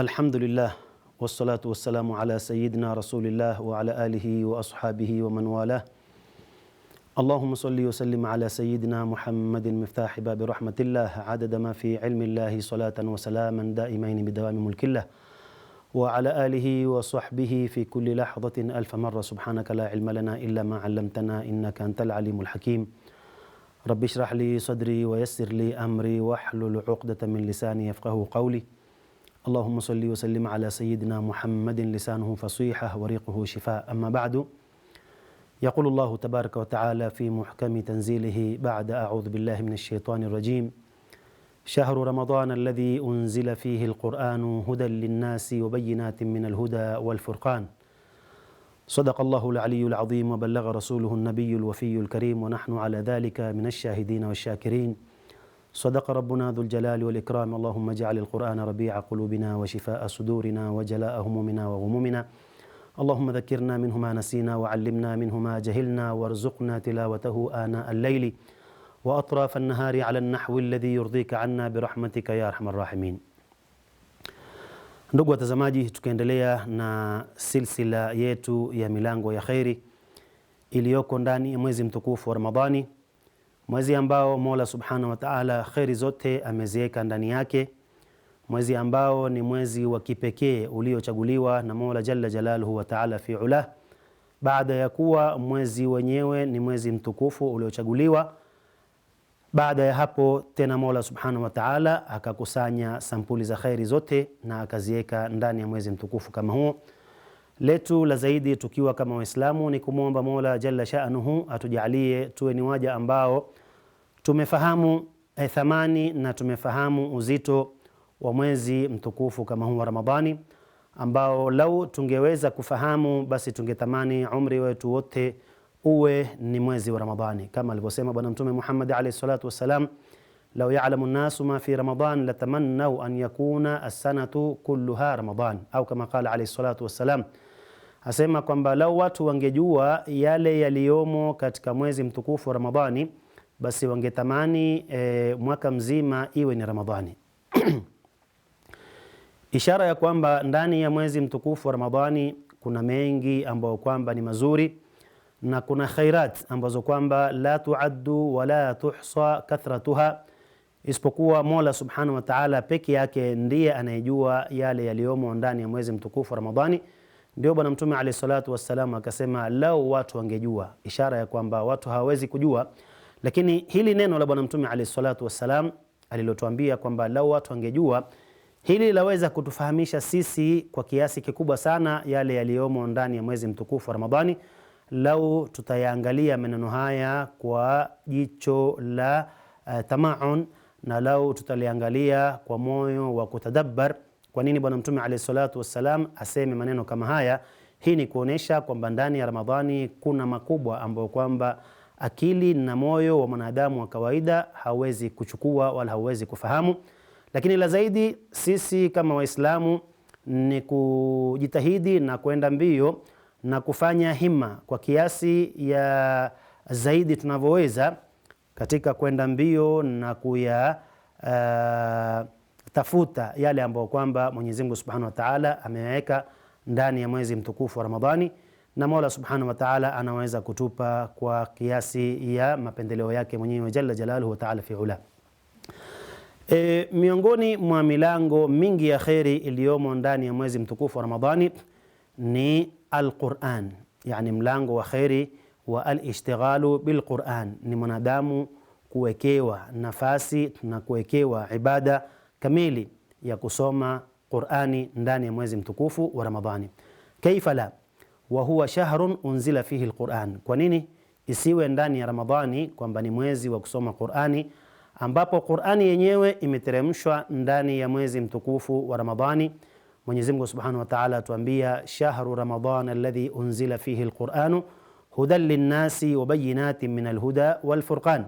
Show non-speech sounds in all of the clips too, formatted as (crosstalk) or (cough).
الحمد لله والصلاة والسلام على سيدنا رسول الله وعلى آله وأصحابه ومن والاه اللهم صل وسلم على سيدنا محمد مفتاح باب رحمة الله عدد ما في علم الله صلاة وسلاما دائمين بدوام ملك الله وعلى آله وصحبه في كل لحظة ألف مرة سبحانك لا علم لنا إلا ما علمتنا إنك أنت العليم الحكيم رب اشرح لي صدري ويسر لي أمري واحلل عقدة من لساني يفقه قولي اللهم صل وسلم على سيدنا محمد لسانه فصيحه وريقه شفاء اما بعد يقول الله تبارك وتعالى في محكم تنزيله بعد اعوذ بالله من الشيطان الرجيم شهر رمضان الذي انزل فيه القران هدى للناس وبينات من الهدى والفرقان صدق الله العلي العظيم وبلغ رسوله النبي الوفي الكريم ونحن على ذلك من الشاهدين والشاكرين صدق ربنا ذو الجلال والإكرام اللهم اجعل القرآن ربيع قلوبنا وشفاء صدورنا وجلاء همومنا وغمومنا اللهم ذكرنا منه ما نسينا وعلمنا منه ما جهلنا وارزقنا تلاوته آناء الليل وأطراف النهار على النحو الذي يرضيك عنا برحمتك يا أرحم الراحمين Ndugu watazamaji, tukiendelea na silsila yetu ya milango ya kheri iliyoko ndani ya mwezi mtukufu wa Ramadhani mwezi ambao Mola Subhanahu wa Ta'ala kheri zote ameziweka ndani yake, mwezi ambao ni mwezi wa kipekee uliochaguliwa na Mola Jalla Jalaluhu wa Ta'ala fi ula, baada ya kuwa mwezi wenyewe ni mwezi mtukufu uliochaguliwa. Baada ya hapo tena Mola Subhanahu wa Ta'ala akakusanya sampuli za kheri zote na akaziweka ndani ya mwezi mtukufu kama huo. Letu la zaidi tukiwa kama Waislamu ni kumwomba Mola Jalla Sha'nuhu atujalie tuwe ni waja ambao Tumefahamu eh, thamani na tumefahamu uzito wa mwezi mtukufu kama huu wa Ramadhani ambao lau tungeweza kufahamu basi tungetamani umri wetu wote uwe ni mwezi wa Ramadhani kama alivyosema Bwana Mtume Muhammad alayhi salatu wassalam, lau ya'lamu nnasu nasu ma fi Ramadan latamannau an yakuna as-sanatu kulluha Ramadan, au kama qala alayhi salatu wassalam, asema kwamba lau watu wangejua yale yaliyomo katika mwezi mtukufu wa Ramadhani basi wangetamani e, mwaka mzima iwe ni Ramadhani. (clears throat) Ishara ya kwamba ndani ya mwezi mtukufu wa Ramadhani kuna mengi ambayo kwamba ni mazuri na kuna khairat ambazo kwamba la tuaddu wala tuhsa kathratuha, isipokuwa Mola subhanahu wa Ta'ala peke yake ndiye anayejua yale yaliyomo ndani ya mwezi mtukufu wa Ramadhani. Ndio Bwana Mtume alayhi salatu wassalam akasema, lau watu wangejua, ishara ya kwamba watu hawawezi kujua lakini hili neno la Bwana Mtume alayhi salatu wassalam alilotuambia kwamba lau watu wangejua hili laweza kutufahamisha sisi kwa kiasi kikubwa sana yale yaliyomo ndani ya mwezi mtukufu wa Ramadhani, lau tutayaangalia maneno haya kwa jicho la uh, tamaun na lau tutaliangalia kwa moyo wa kutadabbar. Kwa nini Bwana Mtume alayhi salatu wassalam aseme maneno kama haya? Hii ni kuonesha kwamba ndani ya Ramadhani kuna makubwa ambayo kwamba akili na moyo wa mwanadamu wa kawaida hawezi kuchukua wala hauwezi kufahamu. Lakini la zaidi, sisi kama Waislamu ni kujitahidi na kwenda mbio na kufanya hima kwa kiasi ya zaidi tunavyoweza katika kwenda mbio na kuya uh, tafuta yale ambayo kwamba Mwenyezi Mungu Subhanahu wa Ta'ala ameweka ndani ya mwezi mtukufu wa Ramadhani na Mola Subhanahu wa Ta'ala anaweza kutupa kwa kiasi ya mapendeleo yake mwenyewe Jalla Jalaluhu Ta'ala fi ula. E, miongoni mwa milango mingi ya kheri iliyomo ndani ya mwezi mtukufu wa Ramadhani ni alquran yani mlango wa kheri wa alishtighalu bilquran ni mwanadamu kuwekewa nafasi na kuwekewa ibada kamili ya kusoma Qur'ani ndani ya mwezi mtukufu wa Ramadhani. Kaifa la wa huwa shahrun unzila fihi lquran Kwa nini isiwe ndani ya Ramadhani kwamba ni mwezi wa kusoma Qurani ambapo Qurani yenyewe imeteremshwa ndani ya mwezi mtukufu wa Ramadhani. Mwenyezi Mungu Subhanahu wa Ta'ala atuambia shahru ramadan alladhi unzila fihi alquranu hudan linnasi wabayinati min alhuda walfurqan,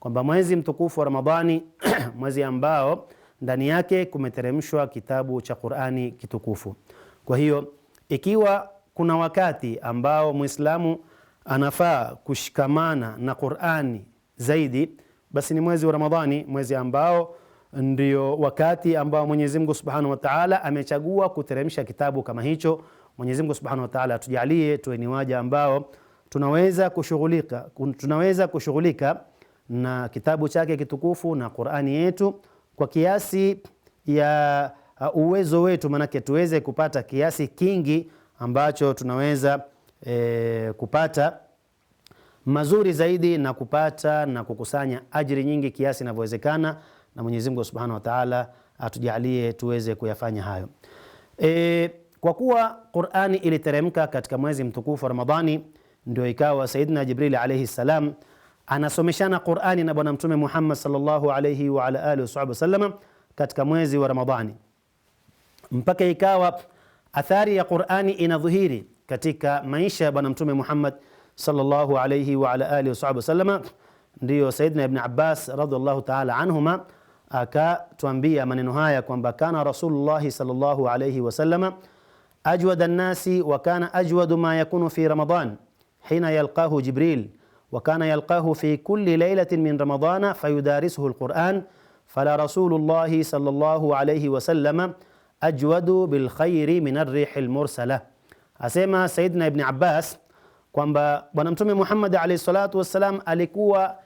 kwamba mwezi mtukufu wa Ramadhani (clears throat) mwezi ambao ndani yake kumeteremshwa kitabu cha Qurani kitukufu. Kwa hiyo ikiwa kuna wakati ambao Muislamu anafaa kushikamana na Qur'ani zaidi, basi ni mwezi wa Ramadhani, mwezi ambao ndio wakati ambao Mwenyezi Mungu Subhanahu wa Ta'ala amechagua kuteremsha kitabu kama hicho. Mwenyezi Mungu Subhanahu wa Ta'ala atujalie tuwe ni waja ambao tunaweza kushughulika tunaweza kushughulika na kitabu chake kitukufu na Qur'ani yetu kwa kiasi ya uh, uwezo wetu, manake tuweze kupata kiasi kingi ambacho tunaweza e, kupata mazuri zaidi na kupata na kukusanya ajiri nyingi kiasi inavyowezekana, na Mwenyezi Mungu Subhanahu wa Ta'ala atujalie tuweze kuyafanya hayo. E, kwa kuwa Qur'ani iliteremka katika mwezi mtukufu wa Ramadhani, ndio ikawa Saidina Jibril alayhi salam anasomeshana Qur'ani na Bwana Mtume Muhammad sallallahu alayhi wa ala alihi wasallam katika mwezi wa Ramadhani mpaka ikawa athari ya Qur'ani inadhihiri katika maisha ya Bwana Mtume Muhammad sallallahu alayhi wa ala alihi wasahabi wasallama. Ndiyo Saidna Ibn Abbas radhiallahu taala anhuma akatwambia maneno haya kwamba kana Rasulullahi sallallahu alayhi wasallama ajwada nnasi wa kana ajwadu ma yakunu fi Ramadan hina yalqahu Jibril wa kana yalqahu fi kulli laylatin min Ramadana fayudarisuhu alquran fala Rasulullahi sallallahu alayhi wasallama ajwadu bilkhairi min arrihi lmursala. Asema Saidna Ibni Abbas kwamba Bwana Mtume Muhammad alaihi salatu wassalam alikuwa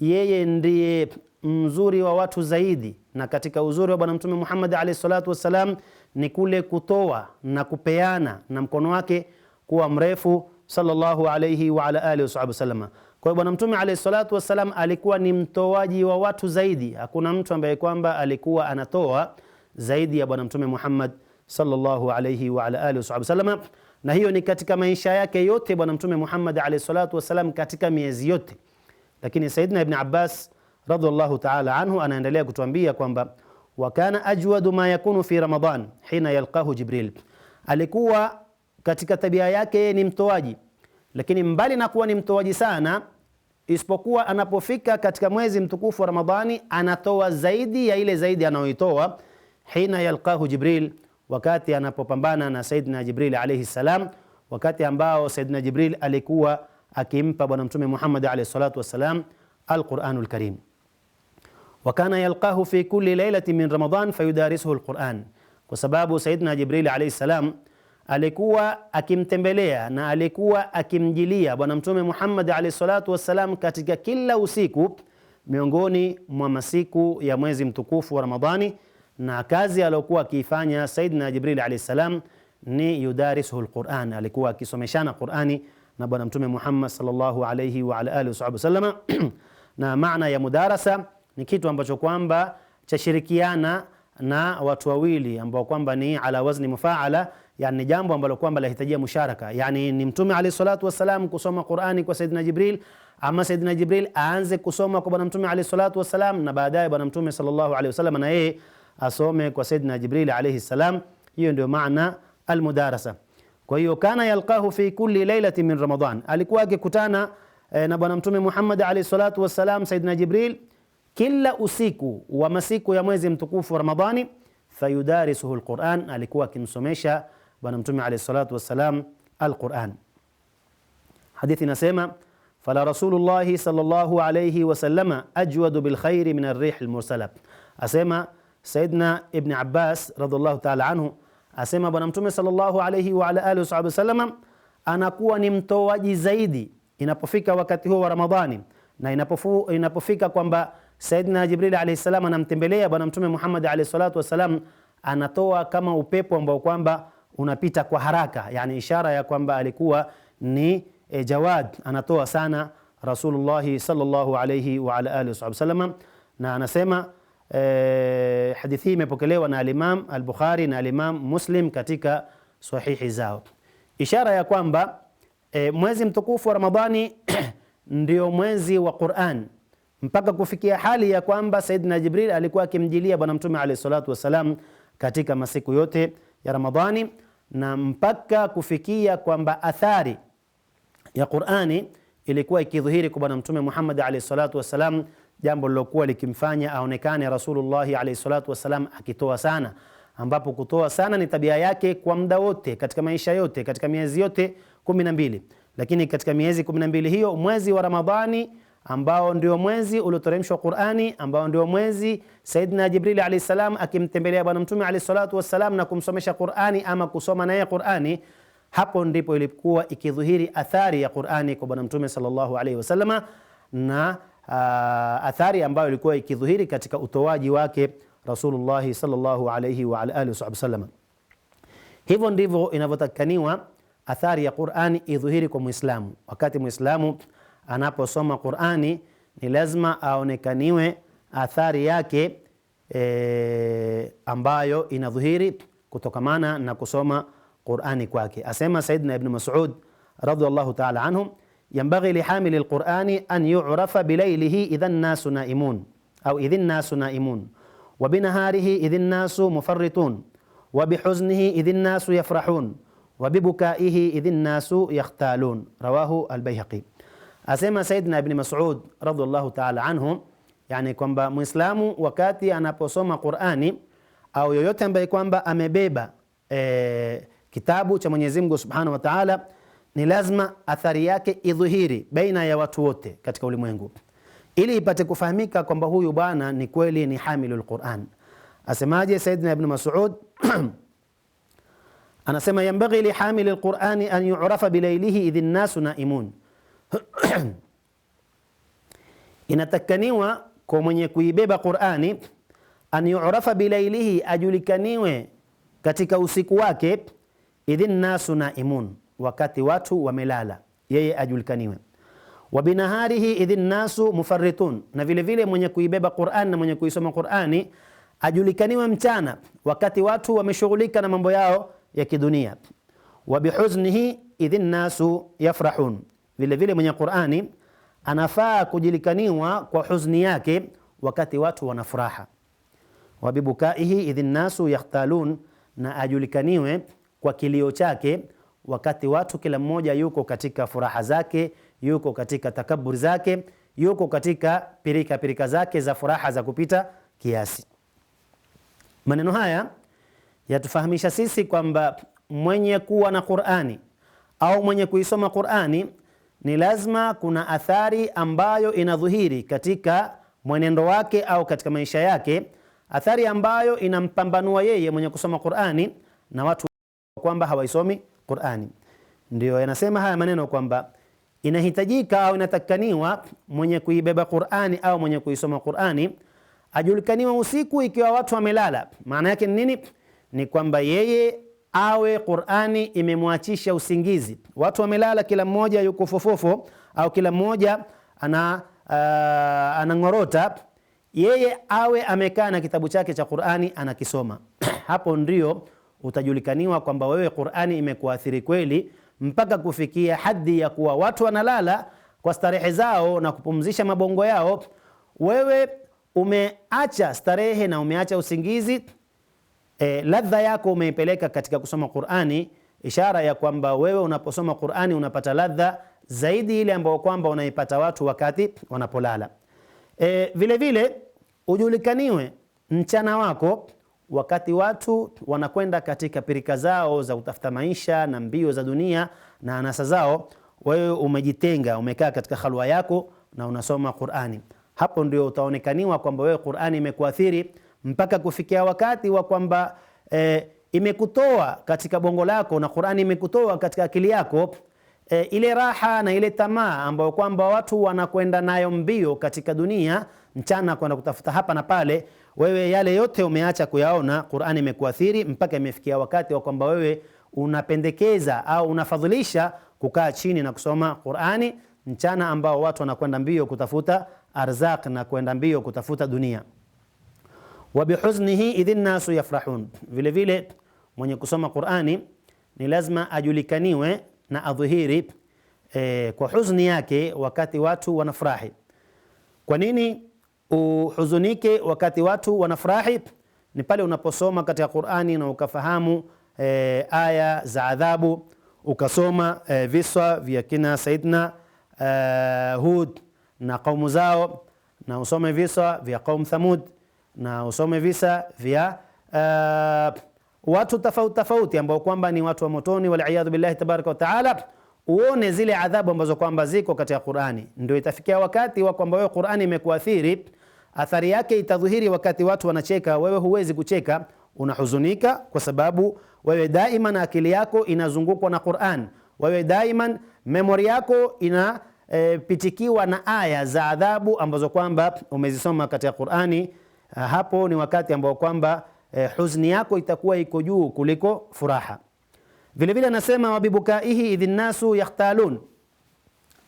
yeye ndiye mzuri wa watu zaidi, na katika uzuri wa Bwana Mtume Muhammad alaihi salatu wassalam ni kule kutoa na kupeana na mkono wake kuwa mrefu sallallahu alayhi wa ala alihi wasahabi wasallama. Kwa hiyo Bwana Mtume alayhi salatu wassalam alikuwa ni mtoaji wa watu zaidi. Hakuna mtu ambaye kwamba alikuwa anatoa zaidi ya Bwana Mtume Muhammad sallallahu alayhi wa ala alihi wasallam, na hiyo ni katika maisha yake yote Bwana Mtume Muhammad alayhi salatu wasallam, katika miezi yote. Lakini Saidina Ibn Abbas radhiallahu ta'ala anhu anaendelea kutuambia kwamba wa kana ajwadu ma yakunu fi Ramadan hina yalqahu Jibril, alikuwa katika tabia yake ni mtoaji, lakini mbali na kuwa ni mtoaji sana isipokuwa anapofika katika mwezi mtukufu wa Ramadhani anatoa zaidi ya ile zaidi anayoitoa hina yalqahu Jibril, wakati anapopambana na Saidina Jibril alayhi salam, wakati ambao Saidina Jibril alikuwa akimpa Bwana Mtume Muhammad alayhi salatu wassalam alquranul karim. Wa kana yalqahu fi kulli lailatin min Ramadan fayudarisuhu alquran, kwa sababu Saidina Jibril alayhi salam alikuwa akimtembelea na alikuwa akimjilia Bwana Mtume Muhammad alayhi salatu wassalam katika kila usiku miongoni mwa masiku ya mwezi mtukufu wa Ramadhani na kazi aliyokuwa akiifanya Saidina Jibril alayhi salam ni yudarisuhu alquran, alikuwa akisomeshana Qurani na Bwana Mtume Muhammad sallallahu alayhi wa ala alihi wasallam. (clears throat) Na maana ya mudarasa ni kitu ambacho kwamba chashirikiana na watu wawili ambao kwamba ni ala wazni mufaala, yani jambo ambalo kwamba lahitajia musharaka, yani ni Mtume alayhi salatu wasalam kusoma Qurani kwa Saidina Jibril ama Saidina Jibril aanze kusoma kwa Bwana Mtume alayhi salatu wasalam, na baadaye Bwana Mtume sallallahu alayhi wasallam na yeye asome kwa Saidina Jibril alayhi salam. Hiyo ndio maana almudarasa. Kwa hiyo kana yalqahu fi kulli lailatin min Ramadan, alikuwa akikutana eh, na Bwana Mtume Muhammad alayhi salatu wassalam, Saidina Jibril kila usiku wa masiku ya mwezi mtukufu wa Ramadhani. Fayudarisuhu alquran, alikuwa akimsomesha Bwana Mtume alayhi salatu wassalam alquran. Hadithi inasema fala rasulullahi sallallahu alayhi wasallama ajwadu bilkhairi min arrihi almursala, asema Saidna Ibn Abbas radhiallahu taala anhu asema Bwana Mtume sallallahu alayhi wa ala alihi wasallam anakuwa ni mtoaji zaidi inapofika wakati huo wa Ramadhani na inapofu, inapofika kwamba Saidna Jibril alayhi salam anamtembelea Bwana Mtume Muhammad alayhi salatu wasallam, anatoa kama upepo ambao kwamba unapita kwa haraka, yani ishara ya kwamba alikuwa ni e, jawad, anatoa sana Rasulullah sallallahu alayhi wa ala alihi wasallam, na anasema eh, hadithi hii imepokelewa na Alimam Al-Bukhari na Alimam Muslim katika sahihi zao, ishara ya kwamba eh, mwezi mtukufu wa Ramadhani (clears throat) ndio mwezi wa Qur'an, mpaka kufikia hali ya kwamba Saidina Jibril alikuwa akimjilia Bwana Mtume alayhi salatu wasalam katika masiku yote ya Ramadhani, na mpaka kufikia kwamba athari ya Qur'ani ilikuwa ikidhihiri kwa Bwana Mtume Muhammad alayhi salatu wasalam jambo lilokuwa likimfanya aonekane Rasulullahi alaihi salatu wassalam akitoa sana, ambapo kutoa sana ni tabia yake kwa muda wote katika maisha yote katika miezi yote kumi na mbili. Lakini katika miezi kumi na mbili hiyo mwezi wa Ramadhani ambao ndio mwezi ulioteremshwa Qur'ani, ambao ndio mwezi Saidina Jibril alayhi salam akimtembelea Bwana Mtume alayhi salatu wassalam na kumsomesha Qur'ani ama kusoma naye Qur'ani. Hapo ndipo ilikuwa ikidhihiri athari ya Qur'ani kwa Bwana Mtume sallallahu alayhi wasallam na Ah, athari ambayo ilikuwa ikidhihiri katika utoaji wake Rasulullah sallallahu alayhi wa ala alihi wasallam. Hivyo ndivyo inavyotakaniwa athari ya Qur'ani idhuhiri kwa Muislamu. Wakati Muislamu anaposoma Qur'ani ni lazima aonekaniwe athari yake e, ambayo inadhuhiri kutokamana na kusoma Qur'ani kwake. Asema Saidna Ibn Mas'ud radhiallahu ta'ala anhu ينبغي لحامل القرآن أن يعرف بليله إذا الناس نائمون أو إذ الناس نائمون وبنهاره إذ الناس مفرطون وبحزنه إذ الناس يفرحون وببكائه إذ الناس يختالون رواه البيهقي أسمى سيدنا ابن مسعود رضي الله تعالى عنه يعني كم مسلم وكاتي أنا بصوم قرآن أو يوتن بيكم بأمبيبا كتابه كتابو سبحانه وتعالى ni lazima athari yake idhihiri baina ya watu wote katika ulimwengu, ili ipate kufahamika kwamba huyu bwana ni kweli ni hamilul Quran. Asemaje Saidina Ibn Mas'ud? (clears throat) Anasema, yambaghi li hamili lqurani an yurafa bilailihi idh nnasu naimun, (clears throat) inatakaniwa kwa mwenye kuibeba Qurani an yurafa bilailihi, ajulikaniwe katika usiku wake idh nasu naimun wakati watu wamelala, yeye ajulikaniwe. Wa binaharihi idhi nnasu mufarritun, na vile vile mwenye kuibeba Qur'an na mwenye kuisoma Qur'ani ajulikaniwe mchana, wakati watu wameshughulika na mambo yao ya kidunia. Wa bihuznihi idhi nnasu yafrahun, vile vile mwenye Qur'ani anafaa kujulikaniwa kwa huzni yake wakati watu wana furaha. Wa bibukaihi idhi nnasu yakhtalun, na ajulikaniwe kwa kilio chake wakati watu kila mmoja yuko katika furaha zake, yuko katika takaburi zake, yuko katika pirika pirika zake za furaha za kupita kiasi. Maneno haya yatufahamisha sisi kwamba mwenye kuwa na Qur'ani au mwenye kuisoma Qur'ani ni lazima kuna athari ambayo inadhuhiri katika mwenendo wake au katika maisha yake, athari ambayo inampambanua yeye mwenye kusoma Qur'ani na watu kwamba hawaisomi Qur'ani. Ndio yanasema haya maneno kwamba inahitajika au inatakikaniwa mwenye kuibeba Qur'ani au mwenye kuisoma Qur'ani ajulikaniwa usiku ikiwa watu wamelala. Maana yake ni nini? Ni kwamba yeye awe Qur'ani imemwachisha usingizi. Watu wamelala, kila mmoja yuko fofofo au kila mmoja ana uh, anangorota. Yeye awe amekaa na kitabu chake cha Qur'ani anakisoma (clears throat) hapo ndio utajulikaniwa kwamba wewe Qur'ani imekuathiri kweli, mpaka kufikia hadhi ya kuwa watu wanalala kwa starehe zao na kupumzisha mabongo yao, wewe umeacha starehe na umeacha usingizi e, ladha yako umeipeleka katika kusoma Qur'ani, ishara ya kwamba wewe unaposoma Qur'ani unapata ladha zaidi ile ambayo kwamba unaipata watu wakati wanapolala. E, vile vile ujulikaniwe mchana wako wakati watu wanakwenda katika pirika zao za kutafuta maisha na mbio za dunia na anasa zao, wewe umejitenga, umekaa katika halwa yako na unasoma Qur'ani. Hapo ndio utaonekaniwa kwamba wewe Qur'ani imekuathiri mpaka kufikia wakati wa kwamba e, imekutoa katika bongo lako na Qur'ani imekutoa katika akili yako. E, ile raha na ile tamaa ambayo kwamba watu wanakwenda nayo mbio katika dunia mchana kwenda kutafuta hapa na pale wewe yale yote umeacha kuyaona, Qur'ani imekuathiri mpaka imefikia wakati wa kwamba wewe unapendekeza au unafadhilisha kukaa chini na kusoma Qur'ani mchana ambao watu wanakwenda mbio kutafuta arzaq na kwenda mbio kutafuta dunia. Wa bihuznihi idhin nasu yafrahun, vile vile mwenye kusoma Qur'ani ni lazima ajulikaniwe na adhuhiri eh, kwa huzuni yake wakati watu wanafurahi. Kwa nini? uhuzunike wakati watu wanafurahi ni pale unaposoma katika Qur'ani na ukafahamu e, aya za adhabu ukasoma e, eh, viswa vya kina Saidna e, Hud na kaumu zao na usome viswa vya kaumu Thamud na usome visa vya e, watu tofauti tofauti ambao kwamba ni watu wa motoni, waliyadhu billahi tabaraka wa taala. Uone zile adhabu ambazo kwamba ziko katika Qur'ani, ndio itafikia wakati wa kwamba wewe Qur'ani imekuathiri athari yake itadhihiri wakati watu wanacheka, wewe huwezi kucheka, unahuzunika kwa sababu wewe na akili yako inazungukwa na Qur'an, wewe daima memori yako inapitikiwa e, na aya za adhabu ambazo kwamba umezisoma katika Qur'ani. E, hapo ni wakati ambao kwamba e, huzni yako itakuwa iko juu kuliko furaha. Vile vile anasema wabibukaihi idhin nasu yakhtalun,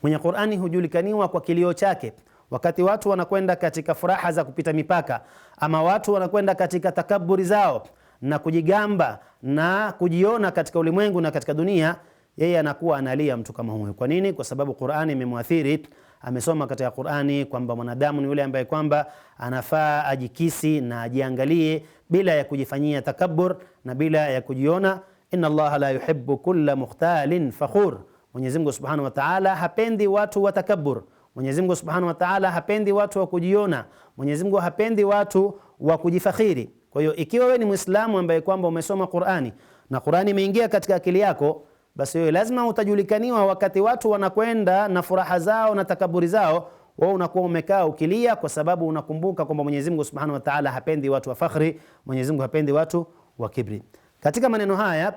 mwenye Qur'ani hujulikaniwa kwa kilio chake. Wakati watu wanakwenda katika furaha za kupita mipaka, ama watu wanakwenda katika takaburi zao na kujigamba na kujiona katika ulimwengu na katika dunia, yeye anakuwa analia mtu kama huyo. Kwa nini? Kwa sababu Qur'ani imemwathiri. Amesoma katika Qur'ani kwamba mwanadamu ni yule ambaye kwamba anafaa ajikisi na ajiangalie bila ya kujifanyia takabur na bila ya kujiona. Inna llaha la yuhibbu kulla mukhtalin fakhur, Mwenyezi Mungu Subhanahu wa Ta'ala hapendi watu wa takabur. Mwenyezi Mungu Subhanahu wa Ta'ala hapendi watu wa kujiona. Mwenyezi Mungu hapendi watu wa kujifakhiri. Kwa hiyo ikiwa wewe ni Muislamu ambaye kwamba umesoma Qur'ani na Qur'ani imeingia katika akili yako, basi wewe lazima utajulikaniwa wakati watu wanakwenda na furaha zao na takaburi zao, wewe unakuwa umekaa ukilia kwa sababu unakumbuka kwamba Mwenyezi Mungu Subhanahu wa Ta'ala hapendi watu wa fakhri, Mwenyezi Mungu hapendi watu wa kibri. Katika maneno haya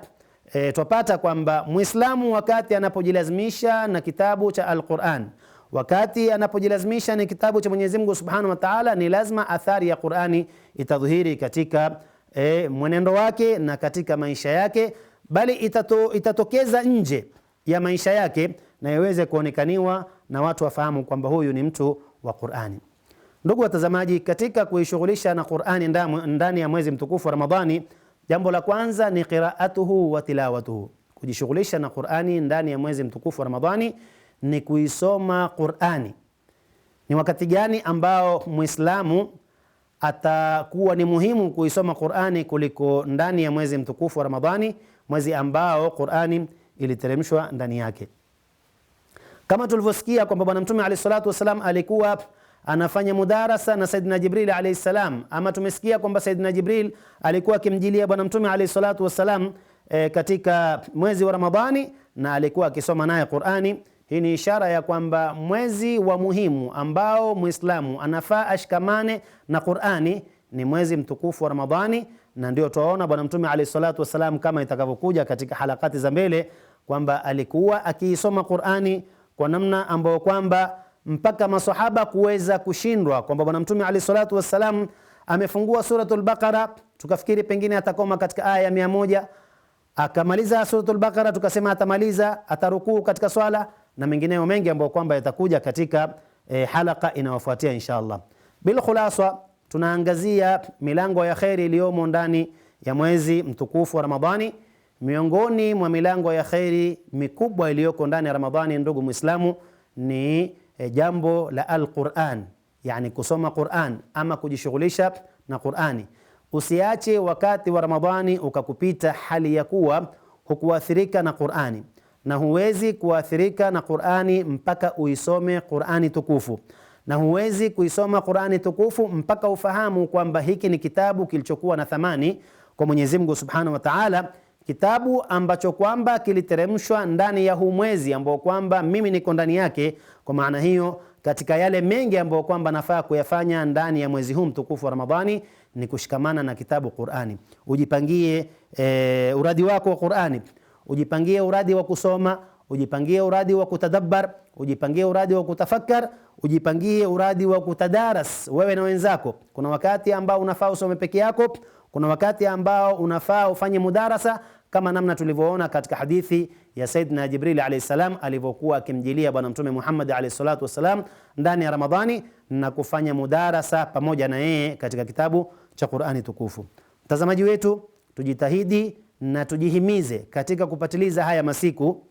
e, twapata kwamba Muislamu wakati anapojilazimisha na kitabu cha Al-Qur'an wakati anapojilazimisha ni kitabu cha Mwenyezi Mungu Subhanahu wa Ta'ala, ni lazima athari ya Qur'ani itadhihiri katika e, mwenendo wake na katika maisha yake, bali itato, itatokeza nje ya maisha yake na iweze kuonekaniwa na watu wafahamu kwamba huyu ni mtu wa Qur'ani. Ndugu watazamaji, katika kuishughulisha na Qur'ani ndani ya mwezi mtukufu wa Ramadhani, jambo la kwanza ni qiraatuhu wa tilawatuhu, kujishughulisha na Qur'ani ndani ya mwezi mtukufu wa Ramadhani ni kuisoma Qur'ani. Ni wakati gani ambao Muislamu atakuwa ni muhimu kuisoma Qur'ani kuliko ndani ya mwezi mtukufu wa Ramadhani, mwezi ambao Qur'ani iliteremshwa ndani yake. Kama tulivyosikia kwamba Bwana Mtume alayhi salatu wasalam alikuwa anafanya mudarasa na Saidina Jibril alayhi salam, ama tumesikia kwamba Saidina Jibril alikuwa akimjilia Bwana Mtume alayhi salatu wasalam e, eh, katika mwezi wa Ramadhani na alikuwa akisoma naye Qur'ani hii ni ishara ya kwamba mwezi wa muhimu ambao Muislamu anafaa ashikamane na Qur'ani ni mwezi mtukufu wa Ramadhani, na ndio twaona Bwana Mtume alayhi salatu wasalam, kama itakavyokuja katika halakati za mbele kwamba alikuwa akiisoma Qur'ani kwa namna ambayo kwamba mpaka masahaba kuweza kushindwa kwamba Bwana Mtume alayhi salatu wasalam amefungua suratul Baqara, tukafikiri pengine atakoma katika aya ya mia moja akamaliza suratul Baqara, tukasema atamaliza atarukuu katika swala na mengineyo mengi ambayo kwamba yatakuja katika e, halaka inayofuatia inshallah. Bil khulasa tunaangazia milango ya kheri iliyomo ndani ya mwezi mtukufu wa Ramadhani. Miongoni mwa milango ya kheri mikubwa iliyoko ndani ya Ramadhani, ndugu Muislamu, ni e, jambo la Alquran, yani kusoma Quran ama kujishughulisha na Qurani. Usiache wakati wa Ramadhani ukakupita hali ya kuwa hukuathirika na Qurani na huwezi kuathirika na Qur'ani mpaka uisome Qur'ani tukufu, na huwezi kuisoma Qur'ani tukufu mpaka ufahamu kwamba hiki ni kitabu kilichokuwa na thamani kwa Mwenyezi Mungu Subhanahu wa Ta'ala, kitabu ambacho kwamba kiliteremshwa ndani ya huu mwezi ambao kwamba mimi niko ndani yake. Kwa maana hiyo, katika yale mengi ambayo kwamba nafaa kuyafanya ndani ya mwezi huu mtukufu wa Ramadhani ni kushikamana na kitabu Qur'ani. Ujipangie e, uradi wako wa Qur'ani ujipangie uradi wa kusoma, ujipangie uradi wa kutadabbar, ujipangie uradi wa kutafakar, ujipangie uradi wa kutadaras wewe na wenzako. Kuna wakati ambao unafaa usome peke yako, kuna wakati ambao unafaa ufanye mudarasa kama namna tulivyoona katika hadithi ya Saidna Jibril alayhi salam alivyokuwa akimjilia Bwana Mtume Muhammad alayhi salatu wassalam ndani ya Ramadhani na kufanya mudarasa pamoja na yeye katika kitabu cha Qur'ani tukufu. Mtazamaji wetu, tujitahidi na tujihimize katika kupatiliza haya masiku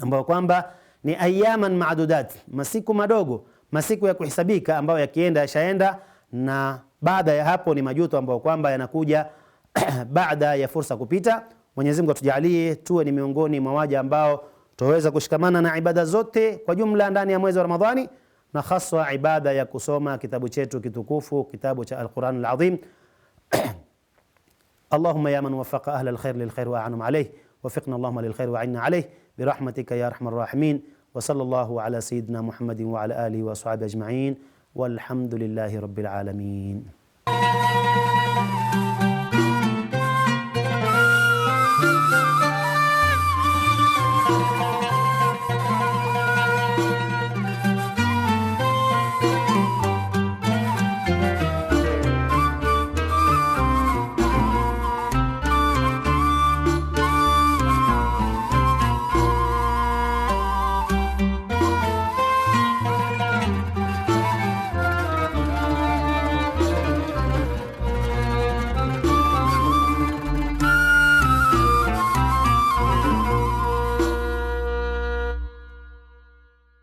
ambayo kwamba ni ayaman maadudat, masiku madogo, masiku ya kuhesabika ambayo yakienda yashaenda, na baada ya hapo ni majuto ambayo kwamba yanakuja (clears throat) baada ya fursa kupita. Mwenyezi Mungu atujalie tuwe ni miongoni mwa waja ambao tuweza kushikamana na ibada zote kwa jumla ndani ya mwezi wa Ramadhani na haswa ibada ya kusoma kitabu chetu kitukufu, kitabu cha Al-Quran Al-Azim (clears throat) اللهم يا من وفق أهل الخير للخير وأعنهم عليه وفقنا اللهم للخير وعنا عليه برحمتك يا أرحم الراحمين وصلى الله على سيدنا محمد وعلى آله وصحبه أجمعين والحمد لله رب العالمين